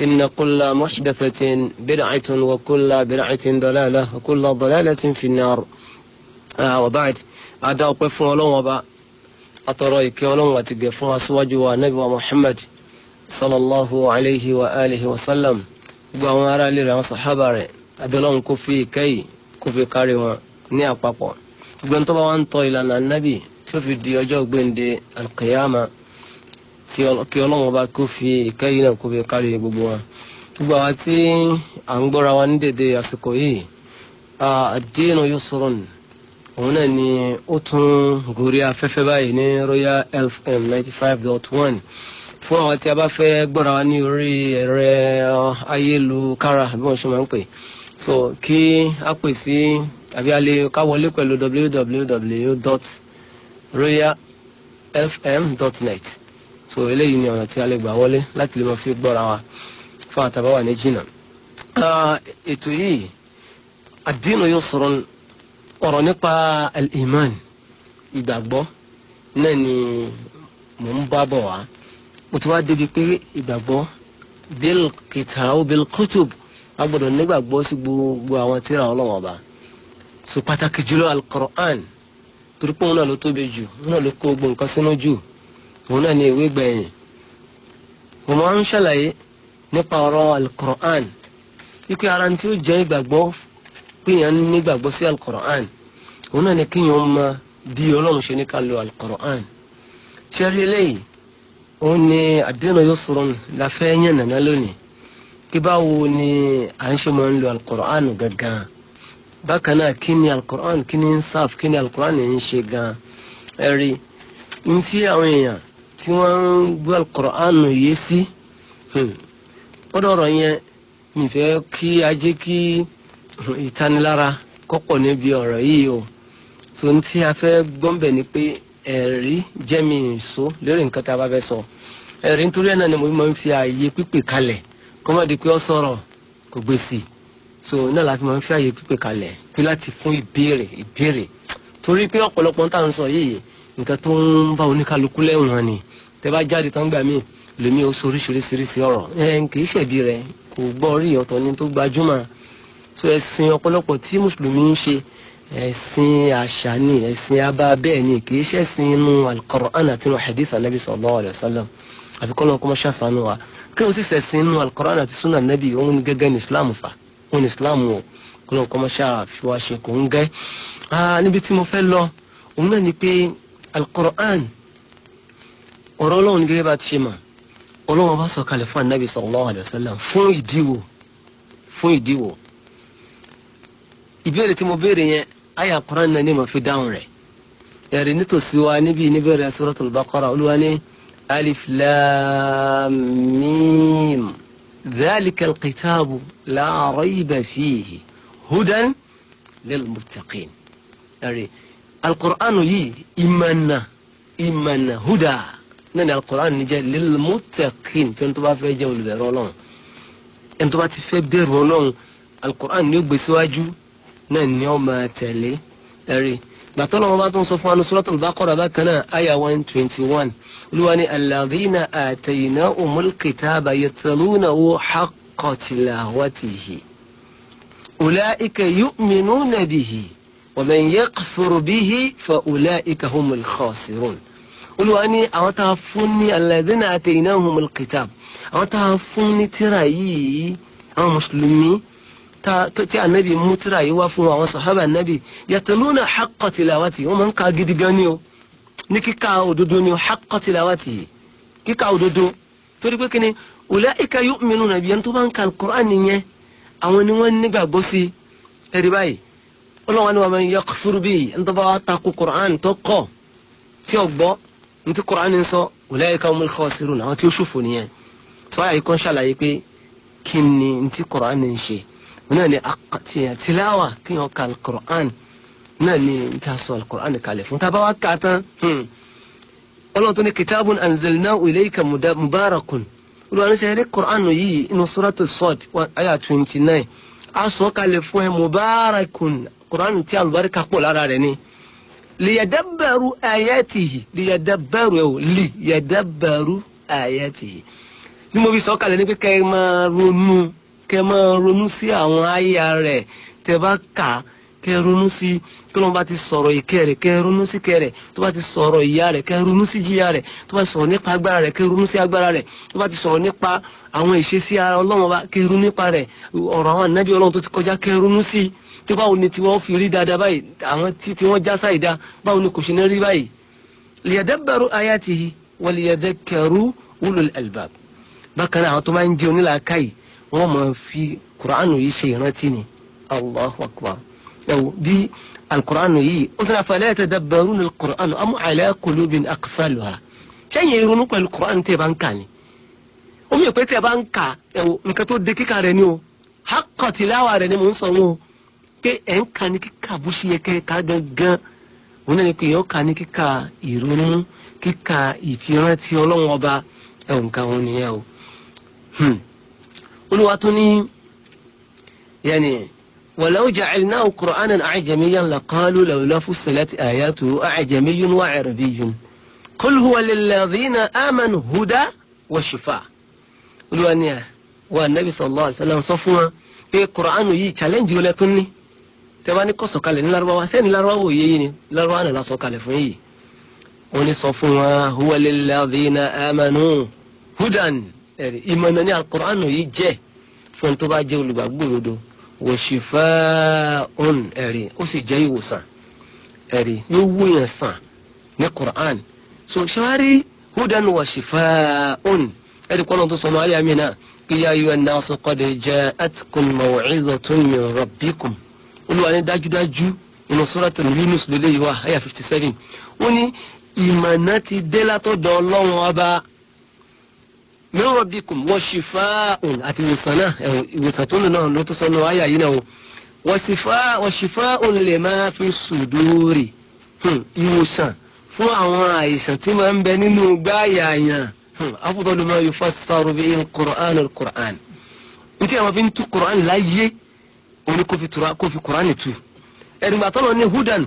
إن كل محدثة بدعة وكل بدعة ضلالة وكل ضلالة في النار آه وبعد أداء قف ولون وبا أتريك ولون وتقف أسواج ونبي محمد صلى الله عليه وآله وسلم وأمر لنا صحابة أدلون كفي كي كفي كاري ní àpapọ̀ gbẹ̀ntọ́ bá wà ń tọ́ ìlànà nábì tó fi di ọjọ́ gbẹ̀ǹde alqiyama kí ọlọ́run bá kó fi ìkẹ́yìn náà kó fi kárí gbogbo wa gbogbo àwa tí à ń gbọ́ra wa ní dèdè àsìkò yìí àdéhùn yóò sọ̀rọ̀ nù òun náà ni ó tún gorí afẹ́fẹ́ báyìí ní Royal FM ninety five dot one fún àwọn tí a bá fẹ́ gbọ́ra wa ní orí ẹ̀rọ ayélukára bí wọ́n ṣe máa ń pè so kí a pè sí àbí a lè ká wọlé pẹ̀lú www dot fm dot net so eléyìí ni ọ̀nà tí a lè gbà wọlé láti lè máa fi gbọ́ra wa fún àtàbá wà ní jìnnà. Ah, ètò yìí àdínú yóò sọ̀rọ̀ ọ̀rọ̀ nípa al-iman ìgbàgbọ́ náà ni mò ń bá bọ̀ wá mo ti wá débi pé ìgbàgbọ́ bil kitab bil kutub a gbọ́dọ̀ nígbàgbọ́ sí gbogbo àwọn tíra ọlọ́wọ́n ọba so pàtàkì jùlọ al-Qur'an torí pé òun náà ló tóbi jù òun náà ló kó gbogbo sínú jù òun náà ni ìwé gbẹ̀yìn mo máa ń ṣàlàyé nípa ọ̀rọ̀ alukur'an wípé ara tí ó jẹ́ ìgbàgbọ́ pé èèyàn nígbàgbọ́ sí alukur'an òun náà ni kéèyàn mọ bí ọlọ́run ṣe ní ká lo alukur'an ṣẹ́rí eléyìí òun ni àdéhùn yóò sọ̀rọ̀ la fẹ́ yàn nàná lónìí kí báwo ni à ń ṣe máa ń lo alukur'an gangan bákan náà kí ni alukur'an kí ni insaf kí ni alukur'an ń ṣe gan ẹ̀rí ń fi àwọn èèyàn tí wọ́n ń gbé alukọ̀rọ̀ánù yé sí kọ́dọ̀ hmm. ọ̀rọ̀ yẹn nìfẹ́ kí ajé kí ìtanilára kọ́pọ̀ níbi ọ̀rọ̀ yìí o tó ní tí a fẹ́ gbọ́nbẹ̀ ni pé ẹ̀rí jẹ́mi ìṣó lórí nǹkan tá a bá fẹ́ sọ ẹ̀rí nítorí ẹ̀ náà ni mo máa ń fi ààyè pípè kalẹ̀ kọ́mọ̀dé pé ó sọ̀rọ̀ kò gbé sí i so náà la fi máa ń fi ààyè pípè kalẹ̀ pé láti fún ìbéèrè ìbéèrè torí pé ọ̀pọ̀lọpọ̀ ń tà ń sọ yìí nǹkan tó ń bá oníkálukú lẹ́wọ̀n ni tẹ bá jáde tán gbà mí lèmi ó so oríṣiríṣiríṣi ọ̀rọ̀ ẹ kì í ṣẹ̀bi rẹ kò gbọ́ rí ọ̀tọ̀ ni tó gbajúmọ̀ so ẹ̀sìn ọ̀pọ̀lọpọ̀ tí mùsùlùmí ń ṣe ẹ̀sìn àṣà ni ẹ̀sìn abá bẹ́ẹ̀ ni kì í ṣẹ̀sìn inú al-Qur'an àti inú hadith anabi sallallahu alayhi wa sallam àfi kọ́ lọ́n kọ́ mọ́ ṣàṣàánú wa kí wọ́n sì ṣẹ̀sìn inú al-Qur'an àti sunna anabi òun ni gẹ́gẹ́ ní islam fa òun ni islam o kọ́ lọ́n kọ́ mọ́ ṣàfiwáṣe kò ń gẹ́ ah, níbi tí mo fẹ́ lọ òun náà ni pé al-Qur'an ọ̀rọ̀ ọlọ́run ní gẹ́gẹ́ bá ti ṣe mà ọlọ́run bá sọ̀kalẹ̀ fún anabi sallallahu alayhi wa sallam fún ìdíwò fún ìdíwò ìbéèrè tí mo béèrè yẹn àyà Qur'an náà ni mo fi dáhùn rẹ̀ ẹ̀rí nítòsí wa níbi níbẹ̀rẹ̀ suratul baqara olúwa ní alif lam mim dhalikal kitabu fihi hudan lil muttaqin ẹ̀rí alqur'anu yìí ìmànà ìmànà hudan náà ni alukur'an ni jẹ́ lilmuttaqin fẹ́ni tó bá fẹ́ jẹ́ olùbẹ̀rù ọlọ́run ẹni tó bá ti fẹ́ bẹ̀rù ọlọ́run alukur'an ni ó gbé síwájú náà ni ó máa tẹ̀lé ẹ̀rí gbàtọ́ lọ́wọ́ bá tó ń sọ fún anusuratul baqara bákan náà aya one twenty one olúwa ni alladhina ataynahumul kitaba yatlunahu haqqa tilawatihi ulaika yu'minuna bihi wa man yakfur bihi fa ulaika humul khasirun olùwà ní àwọn tá a fún ní alladhina ataynahumul kitab àwọn tá a fún ní tíra yìí àwọn mùsùlùmí tí ànábì mú tíra yìí wá fún àwọn sàhábà ànábì yatluna haqqa tilawati wọ́n máa ń ka gidi gan ni o ní kíka òdodo ni haqqa tilawati kíka òdodo torí pé kíni ulaika yu'minuna bi ẹni tó bá ń ka alukur'an nìyẹn àwọn ni wọ́n nígbàgbọ́ sí ẹ̀rí báyìí ọlọ́wọ́n ni wọ́n máa ń nti Kùránì sọ ulaika humul khasirun àwọn tí ó ṣòfò nìyẹn tí wọ́n yà kọ́ ṣàlàyé pé kí ni nti Kùránì ń ṣe náà ni tilawa kí wọ́n ka Kùránì náà ni nta sọ Kùránì kalẹ̀ fún tá a bá wá kà á tán hmm. ọlọ́run tó ní kitabun anzalnahu ilayka mubarakun olùwàníṣẹ́ eré Kùránì yìí inú suratu sọ́ọ̀d ayà twenty nine a sọ kalẹ̀ fún ẹ mubarakun Kùránì tí àlùbáríkà pọ̀ lára rẹ̀ ni liyadabaru ayatihi liyadabaru ẹ̀wò liyadabaru ayatihi ní mo fi sọ kalẹ̀ ní pé kẹ́ ẹ máa ronú kẹ́ ẹ máa ronú sí àwọn àyà rẹ̀ tẹ́ bá kà á kẹ́ ronú sí kọ́lọ́n bá ti sọ̀rọ̀ ìkẹ́ rẹ̀ kẹ́ ronú sí kẹ́ rẹ̀ tó bá ti sọ̀rọ̀ ìyà rẹ̀ kẹ́ ronú sí jìyà rẹ̀ tó bá ti sọ̀rọ̀ nípa agbára rẹ̀ kẹ́ ronú sí agbára rẹ̀ tó bá ti sọ̀rọ̀ nípa àwọn ìṣesí ara ọlọ́run bá kẹ́ ronú nípa rẹ̀ ọ̀rọ̀ àwọn ànábì ọlọ́run tó ti kọjá kẹ́ ronú sí tó báwo ni tí wọ́n fi rí dáadáa báyìí àwọn tí wọ́n já sáìdá báwo ni kò ṣe ní rí báyìí allahu akbar ẹ̀wò bí alukuraanu yìí ó sọ afala yatadabbaruna alukuraanu am ala qulubin aqfaluha sẹ́yìn irun pẹ̀lú kuraanu tẹ́ ẹ bá ń kà ni ó mi ò pé tẹ́ ẹ bá ń kà ẹ̀wò nǹkan tó de kíkà rẹ ni o hakọ̀ tìláwà rẹ ni mò ń sọ wọn o pé ẹ̀ ń kà ní kíkà bó ṣe yẹ kẹ́ ká gangan òun náà ni pé yẹn ó kà ní kíkà ìrònú kíkà ìfirántí ọlọ́run ọba ẹ̀wò nǹkan wọn nìyẹn o olùwà tó ní yẹn nìyẹn. ولو جعلناه قرآنا أعجميا لقالوا لولا فصلت آياته أعجمي وعربي قل هو للذين آمنوا هدى وشفاء olùwànìyà wa nabi sallallahu alaihi wasallam sọ fún wa pé kur'anu yìí challenge wọlé tó ní tẹ́wá ní kó sọ̀kalẹ̀ ní larubawa sẹ́ni larubawa wò yéyé ni larubawa nana sọ̀kalẹ̀ fún yìí wọ́n ní sọ fún wa huwa lilladhina amanu hudan ẹ̀rí ìmọ̀nà ní alukur'anu yìí jẹ́ fún tó bá jẹ́ olùgbàgbọ́ òdodo wòṣìfẹ́ọ́n ẹ̀rí ó sì jẹ́ ìwòsàn ẹ̀rí yóò wúyàn sàn ní Qur'an so ṣáárí hudan wòṣìfẹ́ọ́n ẹ̀rí kọ́nà tó sọ̀nà ayé mi náà kí yá yóò ẹ̀ná sọ kọ́dé jẹ́ ẹ̀tìkùn mọ̀wẹ́ẹ́zọ̀ tó ń yàn rọ̀bìkùn olúwa ní dájúdájú inú fifty seven ó ní ìmọ̀nà ti dé látọ̀dọ̀ ọlọ́run ọba min rabbikum wa shifaa'un àti ìwòsàn náà ẹ̀wọ̀n ìwòsàn tó lò náà ló tó sọ́nà ayé àyè náà o wa shifaa'un lima fi suduri hmm, ìwòsàn fún àwọn àìsàn tí máa ń bẹ nínú gbáyà yàn hmm, afdalu ma yufassaru bihi al-Qur'an al-Qur'an nítí àwọn fi ń tú Qur'an láyé òní kò fi Qur'an tu ẹ̀dùngbà tọ́lọ̀ ní hudan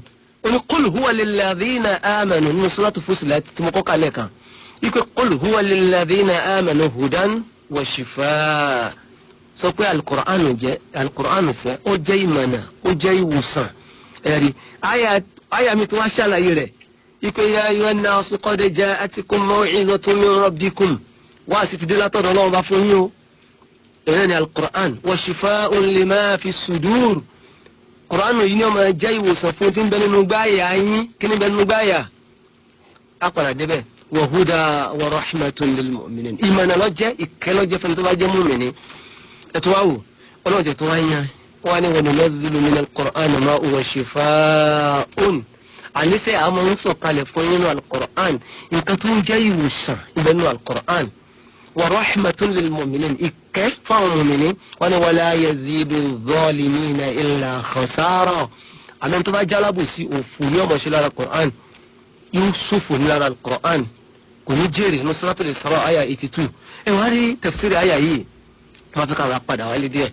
òní qul huwa lilladhina amanu nínú suratu ikú qul huwa lilladhina amanu hudan wa shifaa sọ pé alukur'anu jẹ alukur'anu sẹ ó jẹ ìmọ̀nà ó jẹ ìwòsàn ẹ̀rí àyà mi tó wá ṣàlàyé rẹ̀ ikú ya ayyuhan nasu qad ja'atkum maw'izatun min rabbikum wá sí ti dé látọ̀dọ̀ ọlọ́run bá fún yín o ẹ̀rẹ́ ni alukur'an wa shifaa'un lima fi sudur kur'anu yìí ni ó máa jẹ́ fún tí ń bẹ nínú gbáyà yín kí ni bẹ nínú gbáyà á débẹ̀ wàhúdà wàrọ̀ḥmẹ́tún lilmu'minin ìmọ̀nà lọ́jẹ́ ìkẹ́ lọ́jẹ́ fẹ́ni tó bá jẹ́ mùmìnì ẹ̀tọ́ wa wò ọlọ́run tẹ̀ tó wá yan wọ́n á ní wọn lọ zulu min al-Qur'an ma huwa shifaa'un àníṣe àmọ́ ń sọ̀kalẹ̀ fún yín nínú al-Qur'an nǹkan tó ń jẹ́ ìwòsàn ibẹ̀ nínú al-Qur'an wàrọ̀ḥmẹ́tún lilmu'minin ìkẹ́ fáwọn mùmìnì wọ́n ní wala yazidu zalimina illa khasara àmọ́ tó bá jálábùsí òfò ní ọmọ ṣe lára al-Qur'an yóò ṣòfò ní lára al-Qur'an kò ní jèrè ní sọ́tò lè sọ́rọ̀ eighty two ẹ wá rí tafsiri aya yìí wọ́n fi káwọn apàdà wálé díẹ̀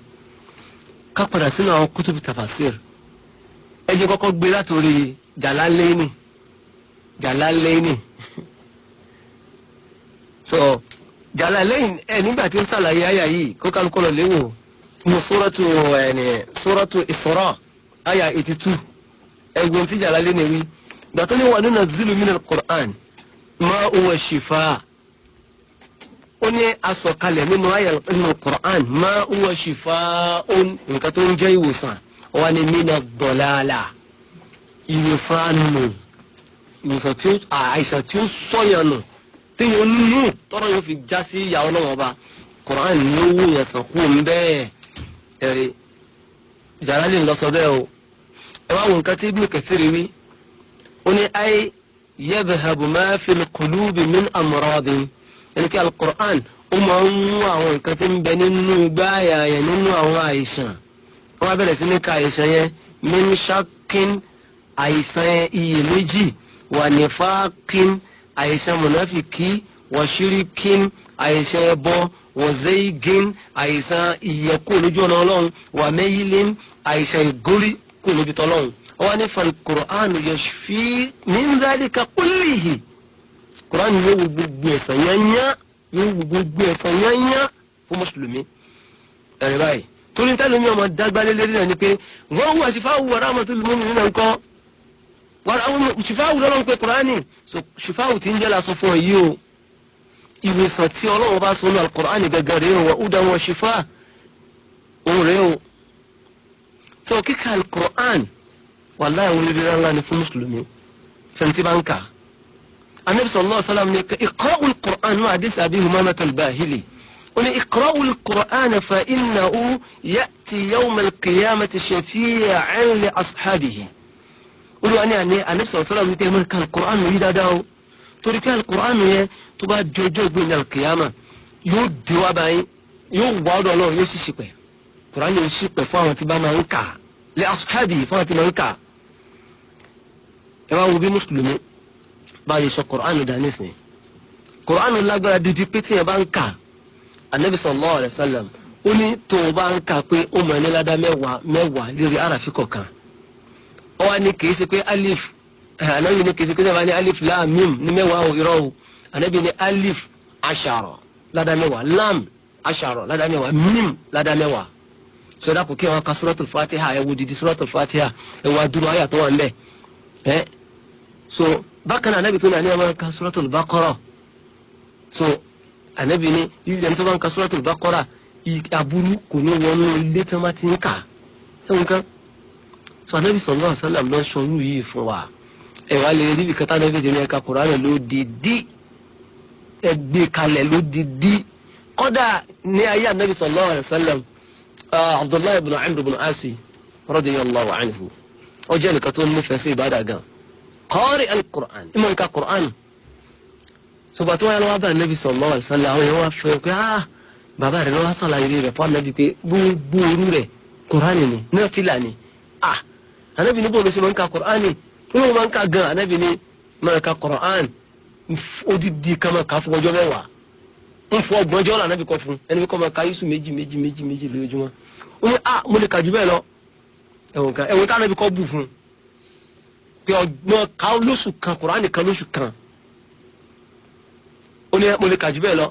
ká padà sínú àwọn kútùbù tafasir ẹ jẹ́ kọ́kọ́ gbé látòrí jàlálẹ́ni jàlálẹ́ni so jàlálẹ́ni ẹ nígbà tí ń sàlàyé àyà yìí kó kálukọ́ lọ léwò mo sóràtò ẹni sóràtò Isra àyà eighty two ẹ̀gbọ́n tí jàlálẹ́ni wí gbàtọ́ ni wà nínú zilu min al-Qur'an ma huwa shifa ó ní asọ̀kalẹ̀ nínú ayẹ̀lẹ̀ nínú Qur'an ma huwa shifa on nǹkan tó ń jẹ́ ìwòsàn wà ní mina dọ̀làlà ìwòsàn nù àìsàn tí ó sọ̀yàn nù téèyàn nù tọ́rọ̀ yóò fi já sí ìyàwó náà wọ́n ba Qur'an ni ó wù yẹn sàn kú ń bẹ́ẹ̀ ẹ̀rí Jalali ń lọ sọ bẹ́ẹ̀ o ẹ wá wo nǹkan tí Ibn Kathir wí ó ní ayé yadhhab ma fil qulubi min amrad ẹni kí alukur'an ó máa ń mú àwọn nǹkan tí ń bẹ nínú gbáàyà yẹn nínú àwọn àìsàn wọ́n bẹ̀rẹ̀ sí ní ka àìsàn yẹn min shakkin àìsàn iyèméjì wà nífàákin àìsàn mọ̀nàfìkì wà ṣíríkin àìsàn ẹbọ wà zeygin àìsàn ìyẹ̀kú lójú ọ̀nà ọlọ́run wà mẹ́yìlín àìsàn ìgórí kú lójú tọ́lọ́run wọ́n ní falkuran yashfi min zalika kullihi kuran yóò wo gbogbo ẹ̀ṣẹ̀ yányá yóò wo gbogbo ẹ̀ṣẹ̀ yányá fún mùsùlùmí ẹ̀rẹ̀ báyìí torí tẹ́lómi ọmọ dágbálé lérí náà ni pé wọ́n wà sífà wù ọ̀rá àmọ́tò lùmọ́ nínú nǹkan ṣùfáwù lọ́lọ́run pé kùránì ṣùfáwù tí ń jẹ́ lásán fún ọ yìí o ìwòsàn tí ọlọ́run bá sọ ní alukùránì gẹ́gẹ́ rèé wọ́n ó dá wọn òun rèé o. sọ kíkà alukùránì wàláhì àwọn olórí ńlá ni fún mùsùlùmí fẹ̀ǹtì bá ń kà. anabi sallallahu alaihi wasallam ní iqra'ul qur'an nínú àdìsí àbí humamata al-bahili ó ní iqra'ul qur'an fa innahu ya'ti yawm al-qiyamati shafi'an li ashabihi. olúwa ní àná anabi sallallahu alaihi wasallam ní tẹ́lẹ̀ kan qur'an yìí dáadáa o torí pé al-qur'an yẹn tó bá jọjọ́ gbẹ̀yìn al-qiyama yóò dé wá báyìí yóò wá ọ̀dọ̀ Ọlọ́run yóò sì ṣìpẹ̀ qur'an yóò ṣìpẹ̀ fún àwọn tí bá máa ń kà lẹ́ ashabihi fún àwọn tí máa ń kà ẹ wá wo bí mùsùlùmí bá yẹ sọ kùránù dání sìn kùránù lágbára dídí pé tí yẹn bá ń kà anabi sallallahu alayhi wa sallam ó ní tó o bá ń kà pé ó mọ ẹni ládá mẹ́wàá mẹ́wàá lérí àràfin kọ̀ọ̀kan ó wá ní kì í ṣe pé alif anabi ní kì í ṣe pé sábà ní alif lam mim ní mẹ́wàá o irọ́ o anabi ní alif ashara ládá mẹ́wàá lam ashara ládá mẹ́wàá mim ládá mẹ́wàá sọdá kò kí wọn ka suratul fatiha ẹ wo didi suratul fatiha ẹ wá dúró ayàtọ̀ wọn so bákan náà anabi tó ní àníyàn máa ka suratul baqara so anabi ní yíyí ẹni tó bá ń ka suratul baqara aburú kò ní wọnú ilé tí wọn bá ti ń kà ẹwọn kan so anabi sallallahu alaihi wasallam lọ sọrú yìí fún wa ẹ wá lè rí ibi kata anabi jẹ ní ẹka Kùránì ló di dí ẹgbẹ kalẹ̀ ló di dí kódà ní ayé anabi sallallahu alaihi wasallam abdullahi ibn amr ibn asi radiyallahu anhu ó jẹ́ nìkan tó nífẹ̀ẹ́ sí ìbádàá gan-an qari al-Qur'an ìmọ̀ nǹka Qur'an ṣùgbọ́n tí wọ́n yà lọ́wọ́ bá nàbì sallallahu alaihi wasallam àwọn èèyàn wá fẹ́ pé ah bàbá rẹ̀ lọ́wọ́ sàlàyé rẹ̀ fún anabi pé gbogbo orú rẹ̀ Qur'an ni nọ́ọ̀tìlà ni ah anabi níbo ló ṣe máa ń ka ni wọ́n máa ń gan anabi ni máa ka Qur'an odidi kan máa fún ọjọ́ mẹ́wàá ń fọ ọgbọ́njọ́ là nàbì kọ fún ẹni kọ́ pé ọgbọ́n ká lóṣù kan kùránì kan lóṣù kan ó ní mo lè kà jù bẹ́ẹ̀ lọ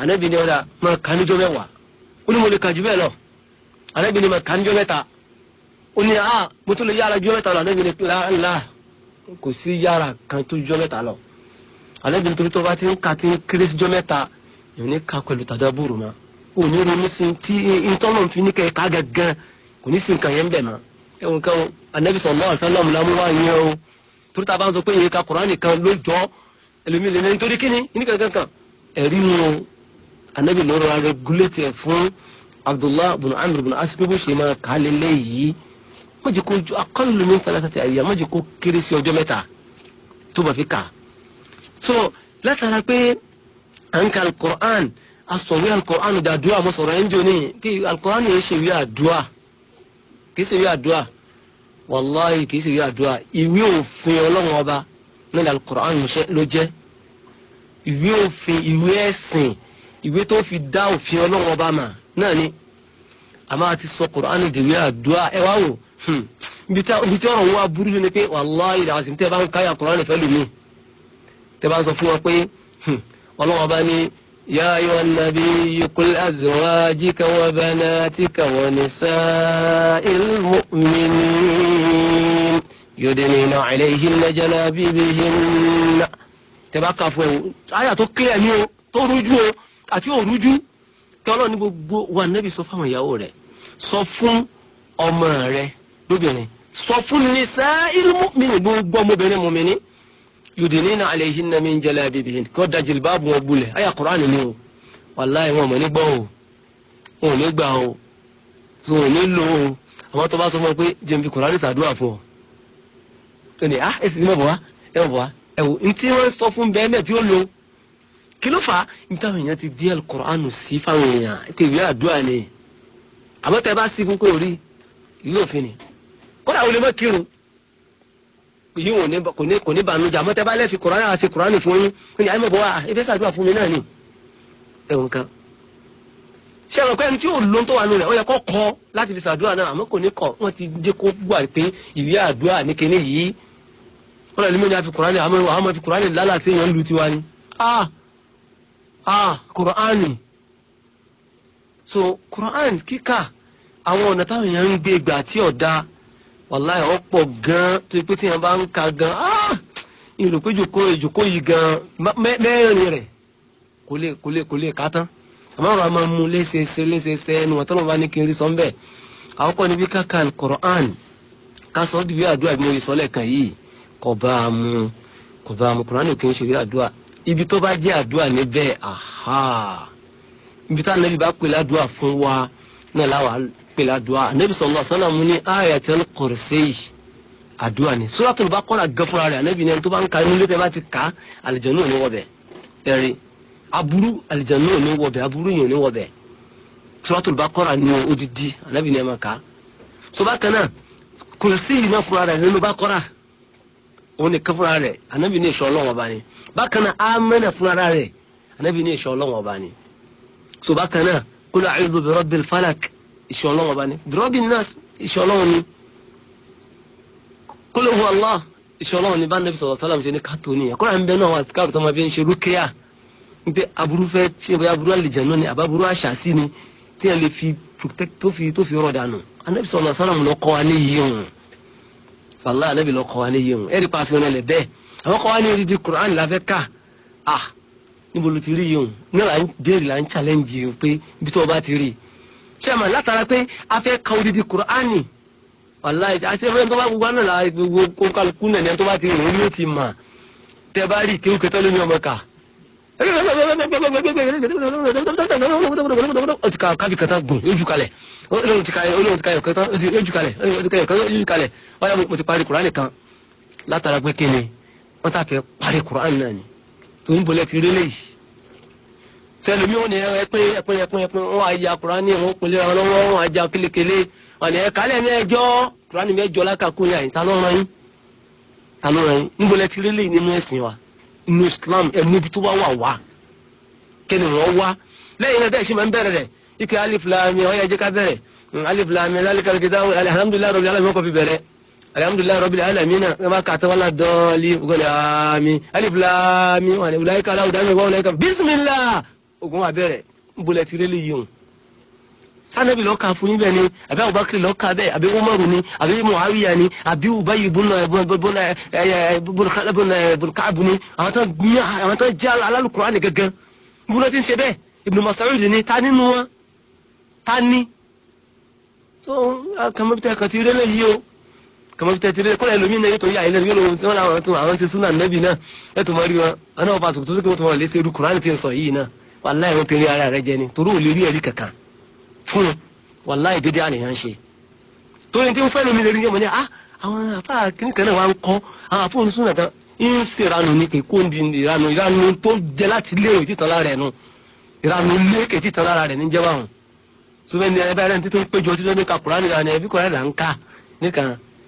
ànábì ni ọ̀dà máa kà níjọ́ mẹ́wàá ó ní mo lè kà jù bẹ́ẹ̀ lọ ànábì ni máa kà níjọ́ mẹ́ta ó ní a mo tún lè yára jọ́ mẹ́ta lọ ànábì ni láàlá kò sí yára kan tó jọ́ mẹ́ta lọ ànábì ni torí tó bá ti ń ka ti ń kéré sí jọ́ mẹ́ta ìrìn ní ka pẹ̀lú tàdábùrù mọ́ òní ronú sí ti ìtọ́nà fi ní kẹ́ ká gẹ́gẹ́ kò ní sí nǹkan yẹn ń bẹ̀ mọ́ ẹ̀wọ̀n kan anabi sallallahu alaihi wasallam lámúwá yẹn o torí ta bá ń sọ pé ìyẹn ka Kùránì kan ló jọ ẹlòmíì lè ní nítorí kíni ní kankan kan ẹ̀rí wọn anabi lọ́rọ̀ rẹ̀gúlétì ẹ̀ fún abdullah bin amr bin asipi bó ṣe máa kà á lélẹ̀ yìí má jẹ́ kó akọ́lù min thalathati ayyam má jẹ́ kó kéré sí ọjọ́ mẹ́ta tó bá fi kà so látara pé à ń ka alukur'an asọ̀wé alukur'an dàdúrà mọ́sọ̀rọ̀ ẹ̀ ń jò ní kí alukur'an yẹn ṣe wí àdúrà. kì í sì rí àdúrà wàláhì kì í sì rí àdúrà ìwé òfin ọlọ́run ọba nílẹ̀ alukur'an ló jẹ́ ìwé òfin ìwé ẹ̀sìn ìwé tó fi dá òfin ọlọ́run ọba mà náà ni àmọ́ àti sọ kur'an dìwé àdúrà ẹ wá wò hmm, ibi tí ọ̀rọ̀ wọn aburú ni pé wàláhì tẹ́ bá ń káyà kur'an fẹ́ tẹ́ bá sọ fún wọn pé hmm, ọlọ́run يا أيها النبي قل أزواجك وبناتك ونساء المؤمنين يدنين عليهن جلابيبهن tẹ̀báka fún ẹ̀wọ̀n àyà tó kílẹ̀ ní o tó rújú o àti ò rújú kí ọlọ́run ní gbogbo wa nẹ́bí sọ fáwọn ìyàwó rẹ̀ sọ fún ọmọ rẹ̀ lóbìnrin sọ fún ní sáà ìlú mi ní gbogbo ọmọbìnrin mọ̀mìnrin yudinina alayhinna min jalabibihin kó da jìlbáàbù wọn bulẹ̀ àyà kúránì ni o wàláyé wọn ò ní gbọ́ o wọn ò ní gbà o wọn ò ní lò o àwọn tó bá sọ fún ọ pé jẹ̀mí kúránì sàdúrà fún ọ. tó ní a ah, èsì ní mọ̀ bọ̀ wá ẹ bọ̀ wá ẹ wò ní tí sọ fún bẹ́ẹ̀ náà tí ó lò kí fà á níta èèyàn ti di alukóránù sí fáwọn èèyàn pé ìwé àdúrà ni àmọ́ bá sí fún kò rí ìlú òfin ni kódà olè mọ́ kírun yìí wọn kò ní kò ní bànújẹ́ àmọ́ tẹ́ bá lẹ́ẹ̀fi kùránì àti kùránì fún yín ó ní àyẹ̀mọ̀ bọ̀ wá ẹ fẹ́ ṣàdúrà fún mi náà ni ẹ̀wọ̀n kan ṣé àwọn pẹ́ẹ́ni tí yóò lóun tó wà nù rẹ̀ ó yẹ kó kọ́ láti fi ṣàdúrà náà àmọ́ kò ní kọ́ wọ́n ti jẹ́ kó gbà pé ìwé àdúrà ní kinní yìí wọ́n lè ní mẹ́ni àfi kùránì àmọ́ àmọ́ fi kùránì lálà sí èèyàn lu tiwa ni ah ah kùránì so kùránì kíkà àwọn ọ̀nà táwọn èèyàn ń gbé gbà tí ọ̀dà wàláì ó pọ̀ gan tó pé tí yẹn bá ń ka gan ah! ìrò pé jòkó ìjòkó yìí gan mẹ́rin rẹ̀ kò lè kò lè kò lè ká tán àmọ́ àwọn máa mú léṣeṣe léṣeṣe ẹnu ọ̀tọ́ lọ́wọ́ bá ní kí sọ ń bẹ̀ àkọ́kọ́ níbi káka Al-Qur'an ká sọ dìbí àdúrà bí mo yìí sọ lẹ́ẹ̀kan yìí kò bá a mú kò bá a mú Qur'an kì í ṣe rí àdúrà ibi tó bá jẹ́ àdúrà níbẹ̀ aha ibi tá a nàbí bá pè ládùúà fún wa náà láwà pèlè àdúrà anabi sallallahu alaihi wasallam ní ayatul kursi àdúrà ni suratul baqara gan fúnra rẹ̀ anabi ní ẹni tó bá ń ka inú létẹ bá ti kà á àlìjẹnú òní wọbẹ ẹrí aburú àlìjẹnú òní wọbẹ aburú yìí suratul baqara ni odidi anabi ní ẹ máa kà á so bákan náà kursi yìí náà fúnra rẹ̀ nínú ni kẹfúnra rẹ̀ anabi ní ìṣọ Ọlọ́run ọba ni bákan náà amẹnẹ anabi ní ìṣọ Ọlọ́run ọba ni so kul a'udhu bi rabbil falak ìṣẹ́ ọlọ́wọ́ bá ní bi rabbin nas ìṣẹ́ ọlọ́wọ́ ni kul huwa allah ìṣẹ́ ọlọ́wọ́ ni bá nàbí sallallahu alaihi wasallam ṣe ní kátó nìyẹn kúrò à ń bẹ náà wà síkàrù tó máa fi ń ṣe rúkẹ́yà ní pé aburú fẹ́ ṣe bóyá aburú àlìjànú ni àbáburú àṣà sí ni tí yẹn lè fi tó fi tó fi rọ̀ dànù anabi sallallahu alaihi wasallam ló kọ́ wa ní yìí hùn fàlà anabi ló kọ́ wa ní yìí hùn ẹ̀rí pa àfihàn ẹ̀ lẹ̀ bẹ́ẹ̀ àwọn kọ́ wa ní ìdí Qur'an la fẹ́ ká ah níbo ló ti rí yìí o náà là ń béèrè là ń challenge yìí pé ibi tó o bá ti rí sẹ́mà látara pé a fẹ́ ka odidi kùránì wàláyé àti ẹgbẹ́ tó bá gbogbo àná là gbogbo kálukú nàní tó bá ti rìn ní ti mà tẹ bá rí kéwù kẹtọ́ lómi ọmọ kà otika kabi kata gun ojú kalẹ̀ olóhùn ti kalẹ̀ olóhùn ti kalẹ̀ kata ojú kalẹ̀ ojú ojú kalẹ̀ wáyà mo ti parí kùránì kan látara pé kí ni wọ́n tà fẹ́ parí kùránì náà ni tó ń bolẹ̀ ti rí léyìí sẹlẹmi wọn ni ẹ pé ẹpin ẹpin ẹpin wọn àjà kurani wọn pinlẹ wọn lọ́wọ́ wọn àjà kelekele wọn ni ẹ kálẹ mẹ́jọ kurani mẹ́jọ lákàkó yà yìí talọ ràn yín talọ ràn yín ń bolẹ̀ ti rí léyìí nínú ẹ̀sìn wa nínú islam ẹnu ibi tó bá wà wá kẹni wọn wá lẹ́yìn náà bẹ́ẹ̀ ṣe máa ń bẹ̀rẹ̀ rẹ̀ ike alif laami ọyẹ ẹjẹ ká bẹ̀rẹ̀ alif laami alikalikita alihamdulilayi rabi alayi mọkọ alhamdulilayi rabil alamina ẹ bá kàtà wàlá dọ́ọ̀lì ọgọ́ni àmì alifilami wàlẹ̀ kala ọ̀dàmì wà wàlẹ̀ kala bisimilá ogun wa bẹ̀rẹ̀ n bolẹ̀ ti rẹ́lẹ̀ o sanabi lọ́ka fún yín bẹ́ẹ̀ ni àbí abubakar lọ́ka bẹ́ẹ̀ àbí umaru ni àbí muawiya ni àbí ubayi bunukaabu eh, eh, eh, ni àwọn tó jẹ́ alálùkùrán ni gẹ́gẹ́ bùnà ti ń ṣe bẹ́ẹ̀ ibnu masaud ni ta nínú wọn ta ní. tó kàmọ́bítà kàtí rẹ́lẹ̀ yìí o kama fi tẹ̀sí kọ́lẹ̀ ẹlòmíín náà yóò tó yà ilé yóò lòun tí wọ́n làwọn tó àwọn ti súnà nẹ́bì náà ẹ̀ tó mọ rí wọn ọ̀nà ọba sòkòtò sókè wọ́n tó wọn lé sí irú kùránì tí sọ yìí náà wàláì wọ́n ti rí ara rẹ jẹ ni torí ò lè rí ẹ̀rí kankan fún un wàláì dédé àníyàn ṣe. torí tí ń fẹ́ lómi lérí yẹmọ ní à àwọn afá kìnnìkan náà wà ń kọ́ àwọn afọ onísúnà tán ń ṣe ìranu ní kò kóńdì ìranu ìranu tó jẹ láti lé òtí lára rẹ nù ìranu ni ẹ bá rẹ̀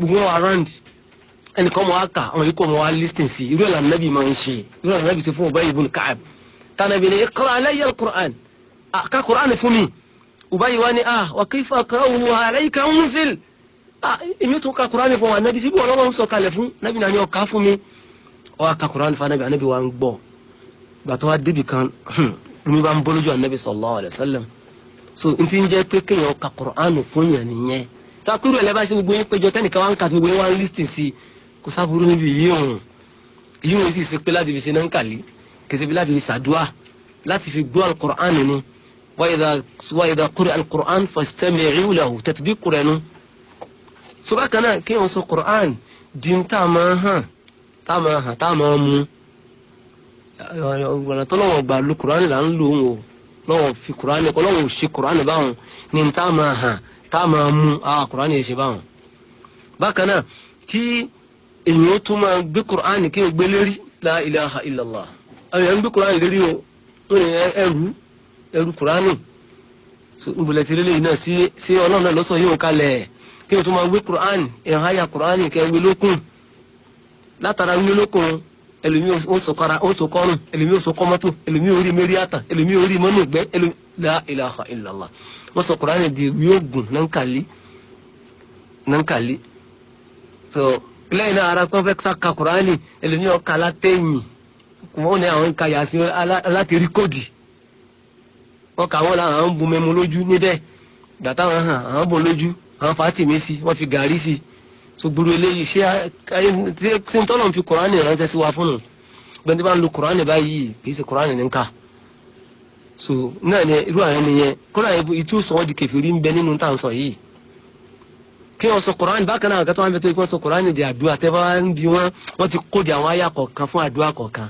gbogbo wọn around ẹnì kan mọ̀ wá kà àwọn yìí kò mọ̀ wá listen sí irú ẹ̀là nàbì máa ń ṣe irú ẹ̀là nàbì ṣe fún Ubay ibn Ka'ab tànàbì ni iqra alayya al-Qur'an ká Qur'an fún mi Ubay wá ní ah wa kayfa aqra'uhu alayka unzil ah èmi tún ká Qur'an fún wa nàbì síbi wọn lọ́wọ́ ń sọ kalẹ̀ fún nàbì náà ni ọ̀ka fún mi ọ̀ ká Qur'an fún anabi anabi wa ń gbọ́ gbàtọ́ wa kan omi bá ń bọ́ anabi sallallahu alayhi wa so n ti ń jẹ́ pé kéèyàn ká Qur'an fún yàn nìyẹn takiru ẹlẹ́bàá ṣe gbogbo yín péjọ tẹ́nìkan wá ń kà sí gbogbo yín wá ń lísìn sí i kò sábúrú níbi yìí òun yìí òun sì ṣe pé láti fi ṣe náà ń kàlí kì í láti fi ṣàdúà láti fi gbọ́ alukur'an ni wa idha quri'a alukur'an fastami'u lahu tẹ̀tẹ̀bí kúrẹ́ nu. sọba kan kí wọn sọ kur'an di ń tá máa hàn tá máa hàn tá máa mú ọ̀nà tó lu kur'an là ń lò wọn lọ́wọ́ fi kur'an kọ́ lọ́wọ́ ò tá a máa mú àwọn kùránì yẹn ṣe báwọn. bákan náà kí èèyàn ó tún máa gbé kùránì kí n gbé lérí la ilaha illallah àwọn èèyàn ń gbé kùránì lérí o ó ní ẹrú ẹrú kùránì nbùlẹ̀ ti lélẹ́yìn náà sí ọlọ́run náà lọ́sọ̀ yóò kalẹ̀ kí n tún máa gbé kùránì ẹ̀hán ayà kùránì kẹ́ wí lókun látara wí lókun ẹlòmí ó sọkọrùn ẹlòmí ó sọkọmọtò ẹlòmí ó rí mẹ́rí àtà ẹlòmí ó rí mọ́nú ìgbẹ́ ẹlòmí la ilaha illallah wọ́n sọ kùránì di ìwé ògùn nankali so lẹ́yìn náà ara tó fẹ́ ka kùránì ẹlòmíì ọkà látẹ̀yìn wọ́n ní àwọn ìka yàtí alátẹ̀rí kòdì wọ́n kà wọ́n la àwọn bu mẹ́mu lójú níbẹ̀ gbàtà wọn hàn àwọn bò lójú àwọn fàtìmí sí wọ́n fi gàrí sí so gbúrú eléyìí ṣé ṣé ṣé ń tọ́lọ̀ fi kùránì ránṣẹ́ sí wa fún un gbẹ̀ndé bá ń lu kùránì báyìí kì í ṣe kùránì ní so náà ni irú àwọn ẹni yẹn kódà ìtú sọ wọn di kèfèrí ń bẹ nínú tá à ń sọ yìí kí wọn sọ koran bákan náà kẹtọ wọn bẹ tó kí wọn sọ koran di àdúrà tẹfà ń bi wọn wọn ti kó di àwọn àyà kọ̀ọ̀kan fún àdúrà kọ̀ọ̀kan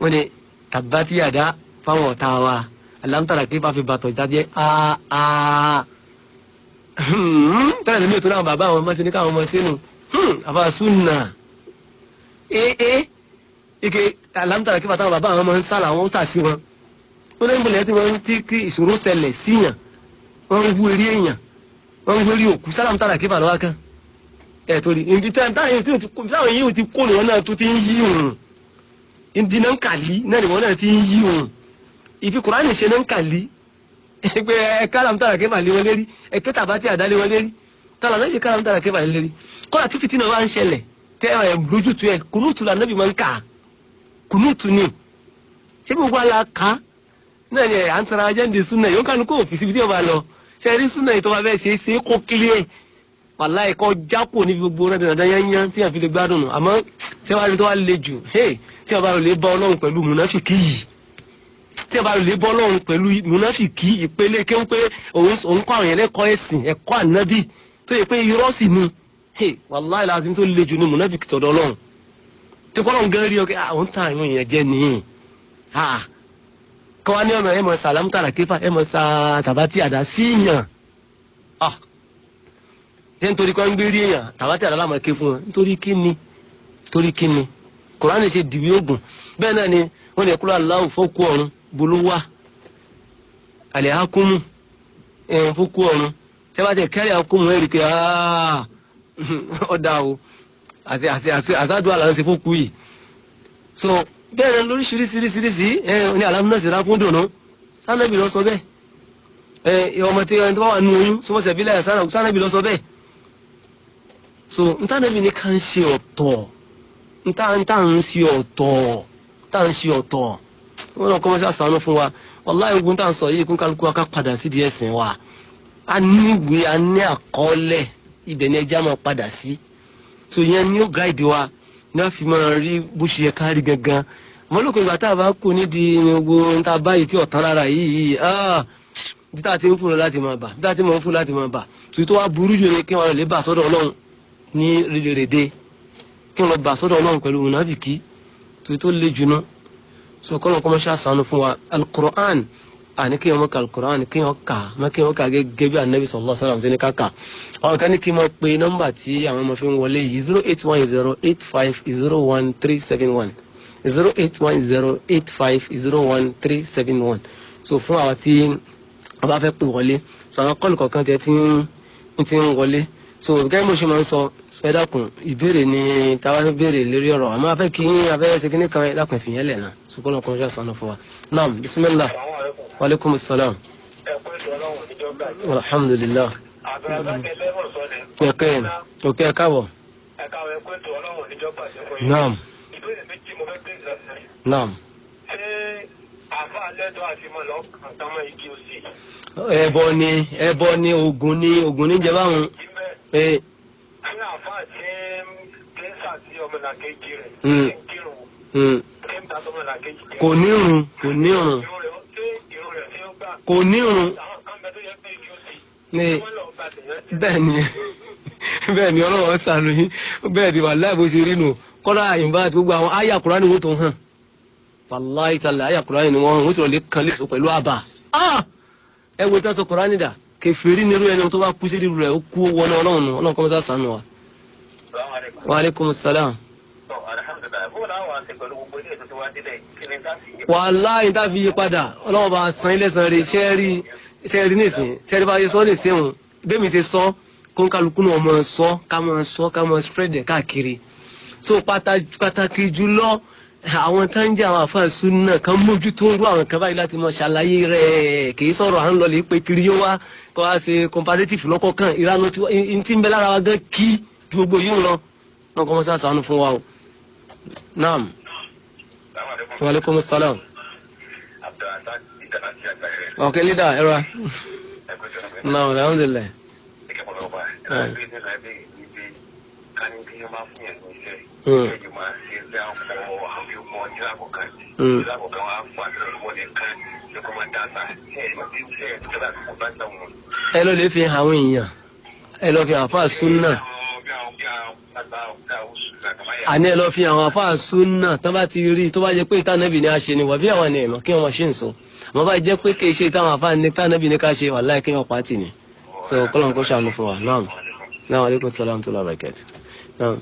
wọn ni tàbátì àdá fáwọn ọ̀tá wa alámútàrà kí fàfi bàtọ̀ jáde áá hmm, tẹ́lẹ̀ lómi ètò náà bàbá àwọn ọmọ sí ní káwọn ọmọ sínú hmm, àfàsúnà ee ike alámútàrà kí fàtàwọn bàbá àwọn ọmọ ń sálà wọn ó sàsí wọn ó lẹ́yìn bọ̀lẹ́ tí wọ́n ń tí kí ìṣòro ṣẹlẹ̀ síyàn wọ́n ń hu eré èèyàn wọ́n ń hu eré òkú sálàmù tààrà kí bàlọ́wà kan ẹ̀ torí ibi táwọn yìí ti kó lòun náà tó ti ń yí òun ibi náà ń kàlí náà ni wọ́n náà ti ń yí òun ìfi kùránì ṣe náà ń kàlí pé ẹ kálàmù tààrà kí bàlẹ́ wọn lérí ẹ kẹta bá ti àdálé wọn lérí tààrà náà ṣe kálàmù tààrà kí bàlẹ́ náà ni à ń tara ajá ń di súnà yìí ó kàn kó òfìsí bí tí o bá lọ ṣe rí súnà yìí tó bá bẹ́ẹ̀ ṣe é ṣe é kó kílíẹ̀ wàláì kọ́ jápò níbi gbogbo rẹ̀ dandan yányá tí a fi lè gbádùn nù àmọ́ ṣé wàá rí tó wá le jù tí a bá lè bá ọlọ́run pẹ̀lú mùnáfìkì yìí tí a bá lè bá ọlọ́run pẹ̀lú mùnáfìkì ìpele kéwọ́n òun kọ́ àwọn yẹn ẹ̀sìn ẹ̀kọ́ ànábì tó yẹ pé irọ́ sì ni wàláì láti tó le jù ní mùnáfìkì tọ̀dọ̀ ọlọ́run tí kọ́lọ́run gẹ́rẹ́ rí ọ ah, kọ́ wa ní ọ̀nà ẹ̀ mọ̀ ṣà lámútàrà kéfà ẹ̀ mọ̀ ṣà tàbátì àdá sí yàn ah ṣé nítorí kọ́ ń gbé rí èèyàn tàbátì àdá lámọ̀ ké fún wọn nítorí kí ni torí kí ni kòránì ṣe dìbí ogun bẹ́ẹ̀ náà ni wọ́n lè kúrò aláwọ̀ fọ́kù ọ̀run bolówà àlẹ́ àkúmù ẹ̀ fọ́kù ọ̀run tẹ́bàtẹ̀ kẹ́rì àkúmù ẹ̀rì kẹ́ ọ̀dà o àti àti àti àsádùn àlàyé ṣe fọ́kù yìí so bẹ́ẹ̀ lóríṣiríṣiríṣiríṣi ẹ ní alámúnásìrá fún dùnú sànàbì lọ sọ bẹ́ẹ̀ ẹ ọmọ tí ẹni tó bá wà nù oyún sọmọsẹ̀ bílẹ̀ sànàbì lọ sọ bẹ́ẹ̀ so ntànàbì n'i ká ń ṣe ọ̀tọ̀ ntà ntà ń ṣe ọ̀tọ̀ ntà ń ṣe ọ̀tọ̀ wọn náà kọ́mọ́sí àṣàánú fún wa wàláyé ogun tá ń sọ yìí kún kálukú wa ká padà sí di ẹ̀sìn wa a ní ìwé a ní àkọọ́lẹ̀ ibẹ̀ ni ẹja máa padà sí so yẹn ni ó gáìdì wa ní fi máa rí bó ṣe yẹ mọ́lùkù ìgbà tá a bá kú nídìí gbogbo níta báyìí tí ọ̀tán lára yìí títà ah, tí ń fún láti máa bà títà tí mò ń fún láti máa bà tùtù wa burú jù ní kí wọn lè bà sọ́dọ̀ ọlọ́run ní rèdèrèdè kí wọn lọ bà sọ́dọ̀ ọlọ́run pẹ̀lú mùnàfìkì tùtù lè jùnà so kọ́nà kọ́ mọ́ṣá sànù fún wa alukur'an àní kí wọn mọ̀ ká alukur'an kí wọn kà má kí wọn kà gẹ́gẹ́ bí anabi sallallahu alaihi pe nọ́mbà tí àwọn ọmọ fi zero eight one zero eight five zero one three seven one. Zero zero zero eight eight one one five three seven one. so fún àwọn tí a bá fẹ́ pè wọlé so àwọn kọ́ọ̀lù kọ̀ọ̀kan tẹ ti ń ti ń wọlé so gẹ́gẹ́ bó ṣe máa ń sọ ẹ dákun ìbéèrè ni táwa fẹ́ béèrè lórí ọ̀rọ̀ àmọ́ afẹ́ kí afẹ́ ṣe kí ní kan ẹ dákun ìfìyàn lẹ̀ náà so kọ́ọ̀lù kan ṣe àṣọ fún wa naam bisimilah waaleykum salaam. alhamdulilah. ẹ̀kẹ́ ẹ̀kẹ́ káàbọ̀. ẹ̀ka ẹ̀kọ́ ètò ọlọ́run ìjọba ṣe fún yín. naam. Naam. Ṣé àfa lẹ́tọ̀ àti mọ̀ lọ kàn tán mọ́ igi òsì? Ẹ̀bọ ni ẹ̀bọ ni ogun ni ogun ní ìjẹba òun. Ṣé àfa ti ń sàti ọmọlàkejì rẹ̀? Ṣé mm. ń kírun? Mm. rẹ̀? Kò ní irun kò ní irun. Kò ní irun. Bẹ́ẹ̀ ni bẹ́ẹ̀ ni ọlọ́wọ́ sànú yín ṣe rí nù kọ́lá àyìnbá àti gbogbo àwọn àyà Kùránì wo tó hàn wàláyé tàlà ayé àkùránì ni wọ́n ń sọ̀rọ̀ lé kan léṣo pẹ̀lú àbá ah! ẹ wo ìtàn sọ kùránì dà kẹfẹ́rí nírú ẹni tó bá kú sí irú rẹ̀ ó kú wọnú ọlọ́run ọlọ́run kọ́mọ́sá sànù wa. wa aleykum salaam. wàláyé tá a fi yí padà ọlọ́run bá san ilé san rè sẹ́ẹ̀rì sẹ́ẹ̀rì nìsín sẹ́ẹ̀rì bá yẹ sọ́ lè sẹ́wọ̀n bẹ́ẹ̀ mi ṣe sọ kó ń kálukú náà mọ̀ sọ ká mọ̀ sọ ká mọ̀ spread ẹ̀ káàkiri so pàtàkì jùlọ àwọn tó ń jẹ́ àwọn àfáà súnà kan mójútó irú àwọn kan báyìí láti mọ ṣàlàyé rẹ̀ kì í sọ̀rọ̀ à ń lọ lè pe kiri yóò wá kọ́ a ṣe comparative lọ́kọ̀ kan ìranú tí n ti ń bẹ lára wa gan kí gbogbo yìí ń lọ náà kọ́ mọ́ fún wa o. naam. waaleykum salaam. ọ̀kẹ́ lídà ẹ ra. naam alhamdulilayi. ká ní bí wọ́n bá fún yẹn ní iṣẹ́ ìjọba ṣe dá fún àwọn ìwọ̀n ìlà kọ̀ọ̀kan ìlà kọ̀ọ̀kan wà fún àbẹ̀rẹ̀ ọ̀rọ̀ nìkan ní kò máa dáta ẹ ló lè fi hàn àwọn èèyàn ẹ lọ fi hàn fún àsúnà àní ẹ lọ fi hàn fún àsúnà tó bá ti rí tó bá jẹ pé ìtànẹ́bì ni a ṣe ni wà bí àwọn ènìyàn kí wọ́n ṣe ń sọ àmọ́ bá jẹ́ pé kì í ṣe táwọn àfáàní tánẹ́bì ni ká ṣe wà láì kí wọ́n pàtì ni so kọ́lọ́n kó ṣàánú fún wa náà náà aleykum salaam tó lọ́ọ́ bẹ̀kẹ́tì náà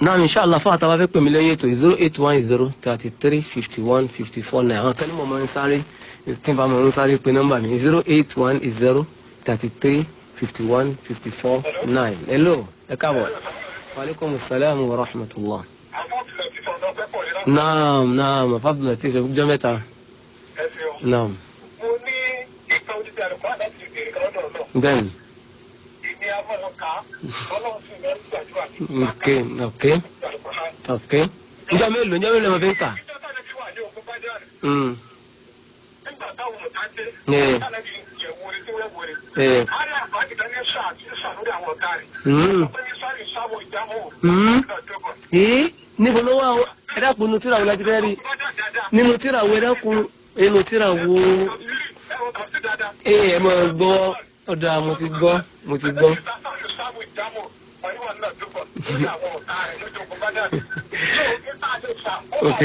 náà inṣàlá fún àtàwọn afẹ́pẹ́ mi lẹ́yìn ètò zero eight one zero thirty three fifty one fifty four nine àwọn kan ní mo máa ń sáré tí bá mo ń sáré pé nọ́mbà mi zero eight one zero thirty three fifty one fifty four nine hello ẹ káàbọ̀ waaleykum salaam wa rahmatulah. naam naam afadul ati ṣe jọ mẹ́ta. naam. mo ní ìkàwé ti di àlùkò àti ìbéèrè kan lọ́dọ̀ bẹ́ẹ̀ni ni a máa kà ọlọ́run sì máa gbàdúrà ní. ok ok ok njẹ́ mélòó njẹ́ mélòó ma fi ń kà. nígbà táwọn ọ̀tá dé nígbà táwọn ìjẹ̀ wọlé tí wọ́n wọlé. a rí àbá kìtà ní sàá tí sàá lórí àwọn ọ̀tá rẹ̀. ọ̀pẹ ní sáré sáwọ ìdámọ̀ níbo ló wà ẹ dákun nínú tíra wo la ti fẹ́ rí nínú tíra wo ẹ dákun nínú tíra wo eh, ẹ ẹ máa gbọ́ ọ̀dà mo ti gbọ́ mo ti gbọ́. ok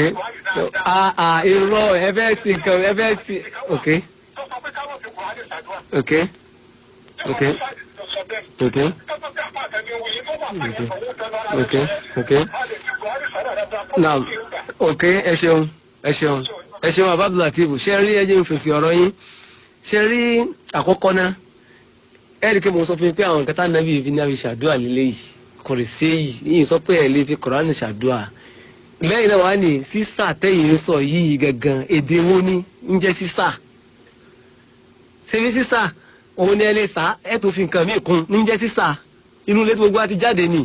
ah ah irọ́ ẹ fẹ́ sí nǹkan ẹ fẹ́ sí ok ok ok ok ok ok naam ok ẹ ṣeun ẹ ṣeun ẹ ṣeun abdulateef ṣe rí ẹjẹ ìfèsì ọ̀rọ̀ yín ṣe rí àkọ́kọ́ náà ẹ̀rí kí mo sọ fún yín pé àwọn nǹkan tá nàbí fi ní àfi ṣàdúrà lílé yìí kò rí sí èyí yìí sọ pé ẹ̀ lè fi kọ̀ránì ṣàdúrà lẹ́yìn náà wàá ní sísà tẹ̀yìn sọ yìí gangan èdè wo ni ń jẹ́ sísà ṣebí sísà òun ni ẹ lè sá ẹ tó fi nǹkan míì kún ní ń jẹ́ sísà inú ilé tí gbogbo wa jáde nì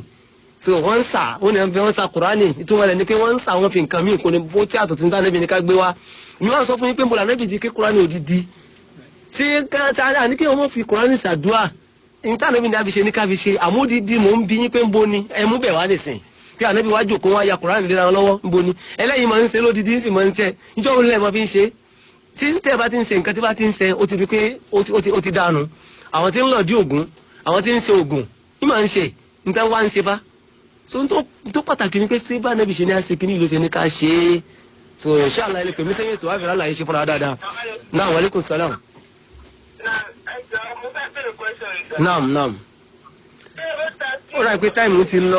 so wọ́n ń sà wọ́n ní wọ́n ń sà kùránì ìtumọ̀ rẹ̀ ni pé wọ́n ń sà wọ́n fi nǹkan míì kún ní bó tí àtòtí ń dá níbi ní ká gbé wa ni sọ fún yín pé mo là níbi ti ké kùránì òdìdí ṣé kára ní kí wọn fi kùránì ṣàdúrà níta níbi ní abiṣe ní káfi ṣe àmúdídì mò ń bí yín pé ń bo ni ẹ mú bẹ̀ wá lè sìn kí ànábi wá jòkó wọn ya kùránì lé wọn lọ́wọ́ ń bo ni ẹlẹ́yìn máa ń ṣe lódìdí ń sì máa ń ṣe ìjọ òun lẹ́ẹ̀ máa fi ń ṣe tí tẹ́ bá ti ń ṣe nǹkan tí bá ti ń ṣe ó ti di pé ó ti dànù àwọn tí ń lọ dí ògùn àwọn tí ń ṣe ògùn ní máa ń ṣe níta wá ń ṣe bá so tó pàtàkì ni pé ṣé bá ànábi ṣe ní àṣekí ní ìlú ṣe ní ká ṣe é so inshallah ilé pèmí sẹ́yìn ètò àfẹ́rẹ́ àlàyé ṣe fúnra dáadáa náà wàlẹ́kùn sálàmù. naam naam ó rà pé táìmù ti lọ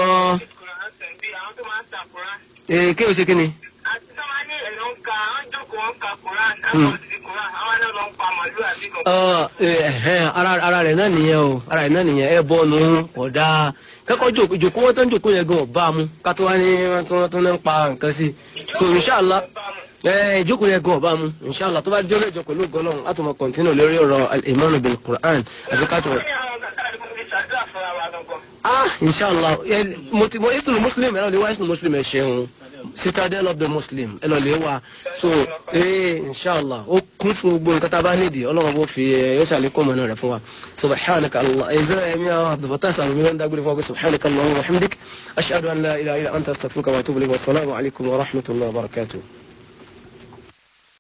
ee eh, kí o ṣe kí hmm. uh, eh, eh, ara rẹ̀ náà nìyẹn o ara rẹ̀ náà nìyẹn ẹ jòkó tó ń jòkó yẹn gan mu ká tó wá ní i ẹ ìjókòó yẹn gan ọba mu inshàlá tó bá jẹ́ ọjọ́ pẹ̀lú gọlọ́run láti mọ kọ̀ǹtínú lórí ọ̀rọ̀ al-imanu bil Qur'an àti kátó. ah inshàlá mo ti mo isnu muslim ẹ lọ lè wá isnu muslim ẹ ṣeun citadel of the muslim ẹ lọ lè wá so ee inshàlá ó kún fún gbogbo nǹkan tá a bá nídìí ọlọ́run bó fi ẹ yóò ṣàlékún ọmọ náà rẹ fún wa subhanaka allah ẹ bẹ́ẹ̀ ẹ̀mí àwọn abdulfatah sàlùmí ló ń dágbére fún wa subhanaka allah wa hamdik ashhadu an la ilaha illa anta astaghfiruka wa atubu ilayk wa salaamu alaykum wa rahmatullahi wa barakatuh.